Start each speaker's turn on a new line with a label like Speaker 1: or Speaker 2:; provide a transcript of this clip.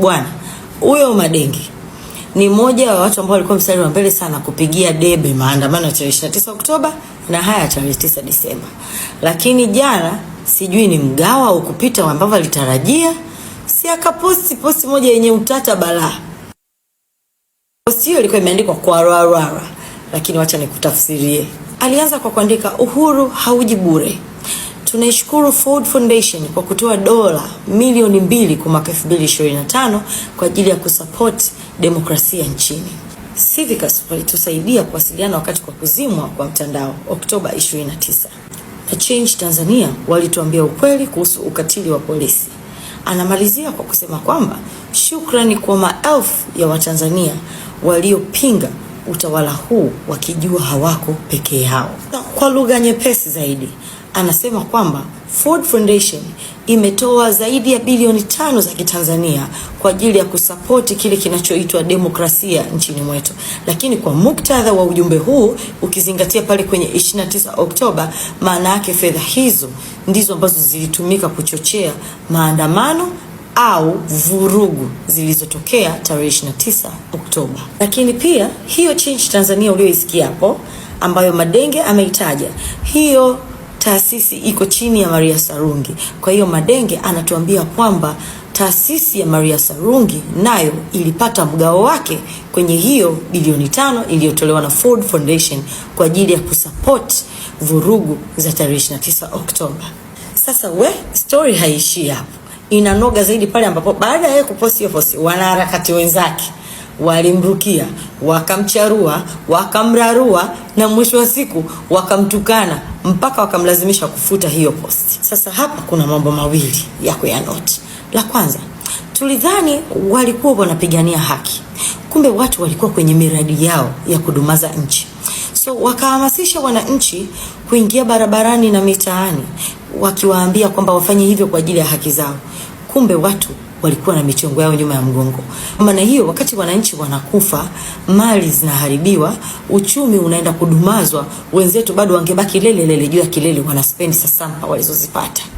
Speaker 1: Bwana huyo Madengi ni mmoja wa watu ambao walikuwa mstari wa mbele sana kupigia debe maandamano ya tarehe 29 Oktoba na haya tarehe 9 Disemba, lakini jana sijui ni mgawa au kupita ambavyo alitarajia, si akaposti posti moja yenye utata balaa. Posti hiyo ilikuwa imeandikwa kwa rwarwarwa, lakini wacha nikutafsirie. Alianza kwa kuandika uhuru hauji bure. Tunaishukuru Ford Foundation kwa kutoa dola milioni mbili kwa mwaka 2025 kwa ajili ya kusupport demokrasia nchini. Civicus walitusaidia kuwasiliana wakati kwa kuzimwa kwa mtandao Oktoba 29. Na Change Tanzania walituambia ukweli kuhusu ukatili wa polisi. Anamalizia kwa kusema kwamba shukrani kwa maelfu ya Watanzania waliopinga utawala huu wakijua hawako peke yao. Kwa lugha nyepesi zaidi anasema kwamba Ford Foundation imetoa zaidi ya bilioni tano za Kitanzania kwa ajili ya kusapoti kile kinachoitwa demokrasia nchini mwetu. Lakini kwa muktadha wa ujumbe huu ukizingatia pale kwenye 29 Oktoba, maana yake fedha hizo ndizo ambazo zilitumika kuchochea maandamano au vurugu zilizotokea tarehe 29 Oktoba. Lakini pia hiyo Change Tanzania uliyoisikia hapo ambayo Madenge ameitaja hiyo taasisi iko chini ya Maria Sarungi. Kwa hiyo Madenge anatuambia kwamba taasisi ya Maria Sarungi nayo ilipata mgao wake kwenye hiyo bilioni tano iliyotolewa na Ford Foundation kwa ajili ya kusupport vurugu za tarehe 29 Oktoba. Sasa we story haiishii hapo, inanoga zaidi pale ambapo baada ya yeye kuposti hiyo posti, wanaharakati wenzake walimrukia wakamcharua, wakamrarua na mwisho wa siku wakamtukana mpaka wakamlazimisha kufuta hiyo posti. Sasa hapa kuna mambo mawili ya kuyanoti. La kwanza, tulidhani walikuwa wanapigania haki, kumbe watu walikuwa kwenye miradi yao ya kudumaza nchi. So wakahamasisha wananchi kuingia barabarani na mitaani, wakiwaambia kwamba wafanye hivyo kwa ajili ya haki zao kumbe watu walikuwa na michongo yao nyuma ya mgongo. Kwa maana hiyo, wakati wananchi wanakufa, mali zinaharibiwa, uchumi unaenda kudumazwa, wenzetu bado wangebaki lele lele juu ya kilele, wanaspend sasampa walizozipata.